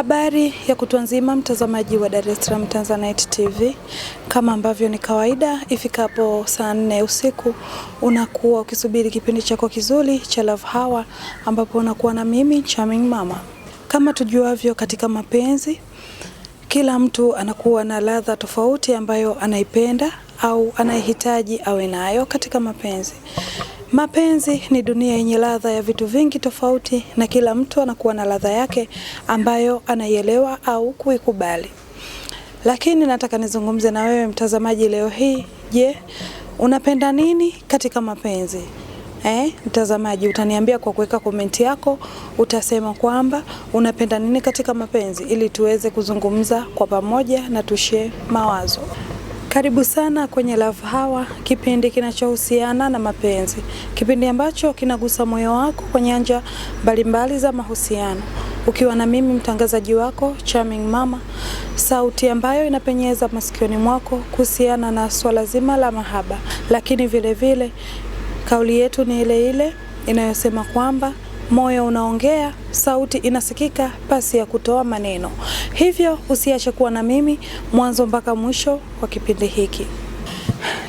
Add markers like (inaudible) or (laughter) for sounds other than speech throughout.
Habari ya kutwa nzima mtazamaji wa Dar es Salaam Tanzanite TV. Kama ambavyo ni kawaida, ifikapo saa nne usiku unakuwa ukisubiri kipindi chako kizuri cha Love Hour ambapo unakuwa na mimi Charming Mama. Kama tujuavyo, katika mapenzi kila mtu anakuwa na ladha tofauti ambayo anaipenda au anayehitaji awe nayo katika mapenzi. Mapenzi ni dunia yenye ladha ya vitu vingi tofauti na kila mtu anakuwa na ladha yake ambayo anaielewa au kuikubali. Lakini nataka nizungumze na wewe mtazamaji leo hii. Je, unapenda nini katika mapenzi? Eh, mtazamaji utaniambia kwa kuweka komenti yako, utasema kwamba unapenda nini katika mapenzi ili tuweze kuzungumza kwa pamoja na tushie mawazo. Karibu sana kwenye Love Hour, kipindi kinachohusiana na mapenzi, kipindi ambacho kinagusa moyo wako kwa nyanja mbalimbali za mahusiano, ukiwa na mimi mtangazaji wako Charming Mama, sauti ambayo inapenyeza masikioni mwako kuhusiana na swala zima la mahaba. Lakini vilevile vile, kauli yetu ni ile ile inayosema kwamba moyo unaongea, sauti inasikika pasi ya kutoa maneno. Hivyo usiache kuwa na mimi mwanzo mpaka mwisho kwa kipindi hiki.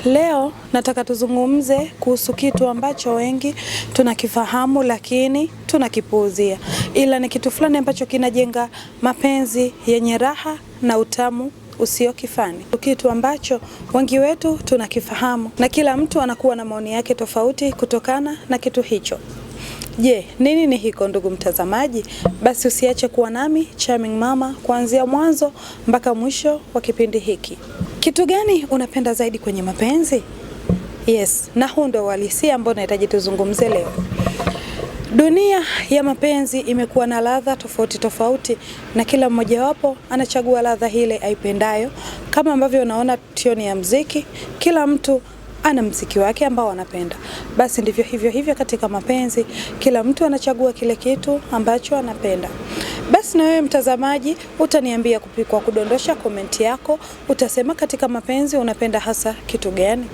Leo nataka tuzungumze kuhusu kitu ambacho wengi tunakifahamu lakini tunakipuuzia, ila ni kitu fulani ambacho kinajenga mapenzi yenye raha na utamu usio kifani, kitu ambacho wengi wetu tunakifahamu na kila mtu anakuwa na maoni yake tofauti kutokana na kitu hicho. Je, yeah, nini ni hiko ndugu mtazamaji? Basi usiache kuwa nami Charming Mama kuanzia mwanzo mpaka mwisho wa kipindi hiki. Kitu gani unapenda zaidi kwenye mapenzi? Yes, na huu ndio uhalisia ambao nahitaji tuzungumze leo. Dunia ya mapenzi imekuwa na ladha tofauti tofauti, na kila mmojawapo anachagua ladha ile aipendayo. Kama ambavyo unaona tioni ya mziki, kila mtu ana mziki wake ambao anapenda. Basi ndivyo hivyo hivyo katika mapenzi, kila mtu anachagua kile kitu ambacho anapenda. Basi na wewe mtazamaji, utaniambia kupikwa kudondosha komenti yako, utasema katika mapenzi unapenda hasa kitu gani?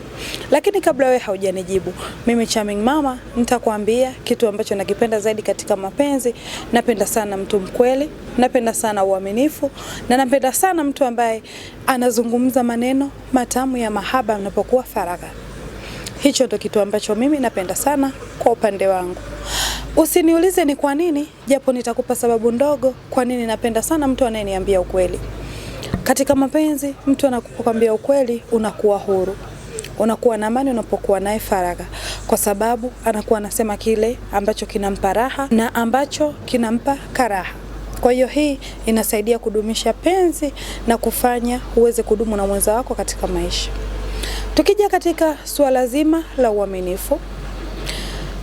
Lakini kabla wewe haujanijibu, mimi Charming Mama nitakwambia kitu ambacho nakipenda zaidi katika mapenzi. Napenda sana mtu mkweli, napenda sana uaminifu, na napenda sana mtu ambaye anazungumza maneno matamu ya mahaba mnapokuwa faragha. Hicho ndo kitu ambacho mimi napenda sana kwa upande wangu. Usiniulize ni kwa nini, japo nitakupa sababu ndogo kwa nini napenda sana mtu anayeniambia ukweli. Katika mapenzi, mtu anakukwambia ukweli, unakuwa huru, unakuwa na amani unapokuwa naye faragha, kwa sababu anakuwa anasema kile ambacho kinampa raha na ambacho kinampa karaha. Kwa hiyo hii inasaidia kudumisha penzi na kufanya uweze kudumu na mwenza wako katika maisha. Tukija katika suala zima la uaminifu,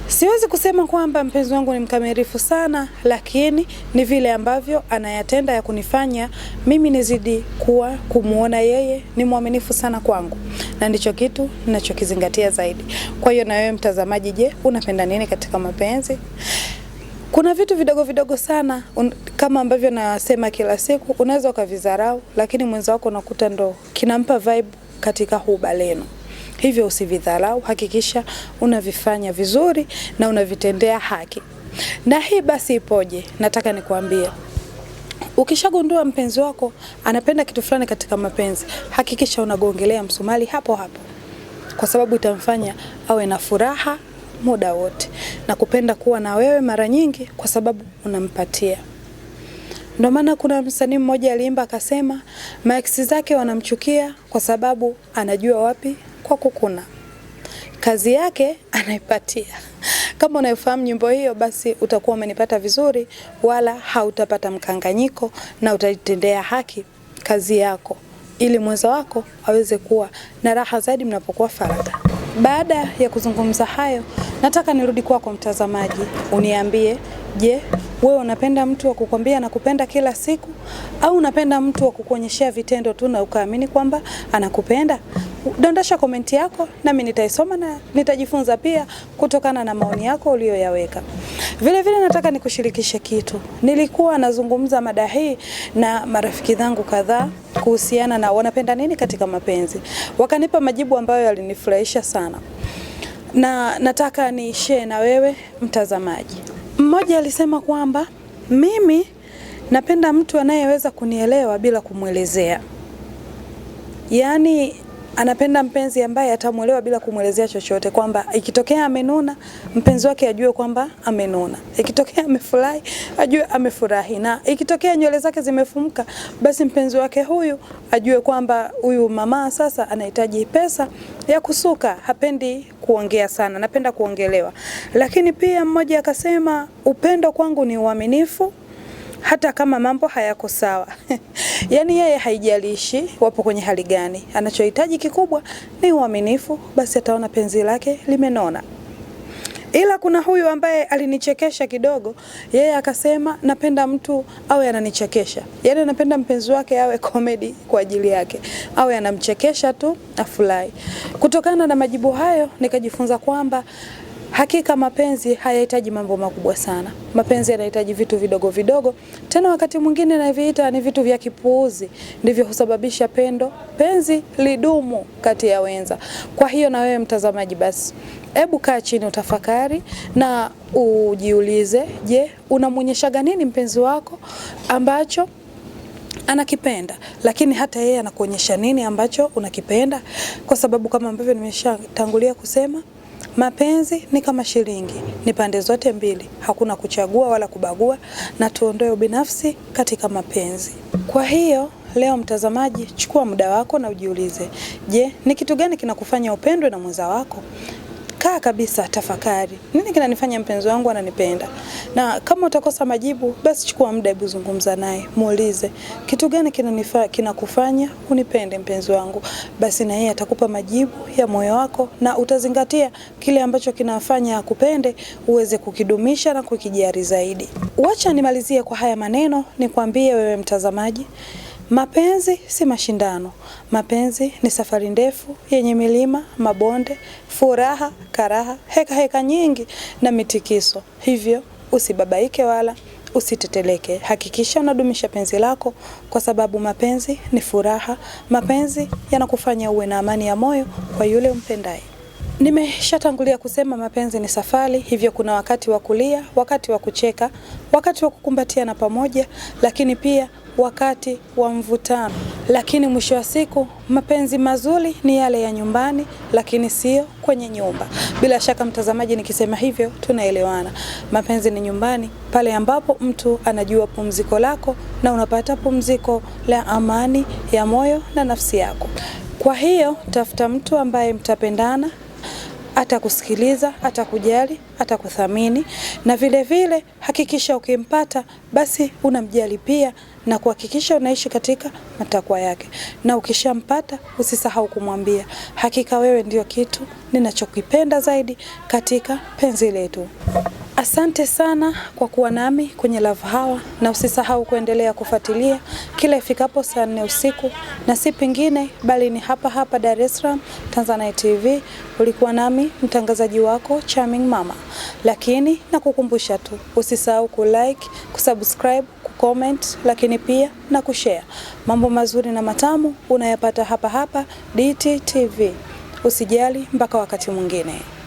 siwezi kusema kwamba mpenzi wangu ni mkamilifu sana, lakini ni vile ambavyo anayatenda ya kunifanya mimi nizidi kuwa kumwona yeye ni mwaminifu sana kwangu, na ndicho kitu ninachokizingatia zaidi. Kwa hiyo na wewe mtazamaji, je, unapenda nini katika mapenzi? Kuna vitu vidogo vidogo sana un, kama ambavyo nasema kila siku, unaweza ukavizarau, lakini mwenzo wako unakuta ndo kinampa vibe katika huba lenu. Hivyo usividharau, hakikisha unavifanya vizuri na unavitendea haki. Na hii basi ipoje? Nataka nikuambie, ukishagundua mpenzi wako anapenda kitu fulani katika mapenzi, hakikisha unagongelea msumali hapo hapo, kwa sababu itamfanya awe na furaha muda wote na kupenda kuwa na wewe mara nyingi, kwa sababu unampatia ndio maana kuna msanii mmoja aliimba akasema max zake wanamchukia kwa sababu anajua wapi kwa kukuna, kazi yake (laughs) anaipatia. Kama unaifahamu nyimbo hiyo, basi utakuwa umenipata vizuri, wala hautapata mkanganyiko na utaitendea haki kazi yako, ili mwenza wako aweze kuwa na raha zaidi mnapokuwa faragha. Baada ya kuzungumza hayo, nataka nirudi kwako mtazamaji, uniambie, je, wewe unapenda mtu wa kukwambia nakupenda kila siku, au unapenda mtu wa kukuonyeshea vitendo tu na ukaamini kwamba anakupenda? Dondosha komenti yako nami nitaisoma na nitajifunza pia kutokana na maoni yako uliyoyaweka. Vile vile nataka nikushirikishe kitu. Nilikuwa nazungumza mada hii na marafiki zangu kadhaa kuhusiana na wanapenda nini katika mapenzi, wakanipa majibu ambayo yalinifurahisha sana, na nataka ni share na wewe mtazamaji. Mmoja alisema kwamba mimi napenda mtu anayeweza kunielewa bila kumwelezea, yaani anapenda mpenzi ambaye atamwelewa bila kumwelezea chochote, kwamba ikitokea amenuna mpenzi wake ajue kwamba amenuna, ikitokea amefurahi ajue amefurahi, na ikitokea nywele zake zimefumka basi mpenzi wake huyu ajue kwamba huyu mama sasa anahitaji pesa ya kusuka. Hapendi kuongea sana, napenda kuongelewa. Lakini pia mmoja akasema, upendo kwangu ni uaminifu hata kama mambo hayako sawa (laughs) yaani yeye haijalishi wapo kwenye hali gani, anachohitaji kikubwa ni uaminifu, basi ataona penzi lake limenona. Ila kuna huyu ambaye alinichekesha kidogo, yeye akasema napenda mtu awe ananichekesha. Yaani anapenda mpenzi wake awe komedi (laughs) kwa ajili yake, awe anamchekesha tu afurahi. Kutokana na majibu hayo, nikajifunza kwamba Hakika mapenzi hayahitaji mambo makubwa sana. Mapenzi yanahitaji vitu vidogo vidogo, tena wakati mwingine naviita ni vitu vya kipuuzi, ndivyo husababisha pendo penzi lidumu kati ya wenza. Kwa hiyo na wewe mtazamaji, basi hebu kaa chini utafakari na ujiulize, je, unamwonyeshaga nini mpenzi wako ambacho anakipenda lakini hata yeye anakuonyesha nini ambacho unakipenda? Kwa sababu kama ambavyo nimeshatangulia kusema Mapenzi ni kama shilingi, ni pande zote mbili, hakuna kuchagua wala kubagua, na tuondoe ubinafsi katika mapenzi. Kwa hiyo leo, mtazamaji, chukua muda wako na ujiulize, je, ni kitu gani kinakufanya upendwe na mwenza wako? kaa kabisa, tafakari nini kinanifanya mpenzi wangu ananipenda, na kama utakosa majibu, basi chukua muda, hebu zungumza naye, muulize kitu gani kinanifaa, kinakufanya unipende mpenzi wangu, basi na yeye atakupa majibu ya moyo wako, na utazingatia kile ambacho kinafanya akupende uweze kukidumisha na kukijari zaidi. Wacha nimalizie kwa haya maneno, nikwambie wewe mtazamaji Mapenzi si mashindano. Mapenzi ni safari ndefu yenye milima, mabonde, furaha, karaha, heka heka nyingi na mitikiso. Hivyo usibabaike wala usiteteleke. Hakikisha unadumisha penzi lako, kwa sababu mapenzi ni furaha. Mapenzi yanakufanya uwe na amani ya moyo kwa yule umpendaye. Nimeshatangulia kusema mapenzi ni safari, hivyo kuna wakati wa kulia, wakati wa kucheka, wakati wa kukumbatiana pamoja, lakini pia wakati wa mvutano, lakini mwisho wa siku mapenzi mazuri ni yale ya nyumbani, lakini sio kwenye nyumba. Bila shaka mtazamaji, nikisema hivyo tunaelewana. Mapenzi ni nyumbani, pale ambapo mtu anajua pumziko lako na unapata pumziko la amani ya moyo na nafsi yako. Kwa hiyo tafuta mtu ambaye mtapendana, atakusikiliza, atakujali, atakuthamini na vile vile hakikisha ukimpata basi unamjali pia na kuhakikisha unaishi katika matakwa yake, na ukishampata usisahau kumwambia, hakika wewe ndio kitu ninachokipenda zaidi katika penzi letu. Asante sana kwa kuwa nami kwenye Love Hour, na usisahau kuendelea kufuatilia kila ifikapo saa nne usiku, na si pengine bali ni hapa hapa Dar es Salaam, Tanzania TV. Ulikuwa nami mtangazaji wako Charming Mama, lakini nakukumbusha tu usisahau kulike, kusubscribe comment, lakini pia na kushare. Mambo mazuri na matamu unayapata hapa hapa DT TV. Usijali mpaka wakati mwingine.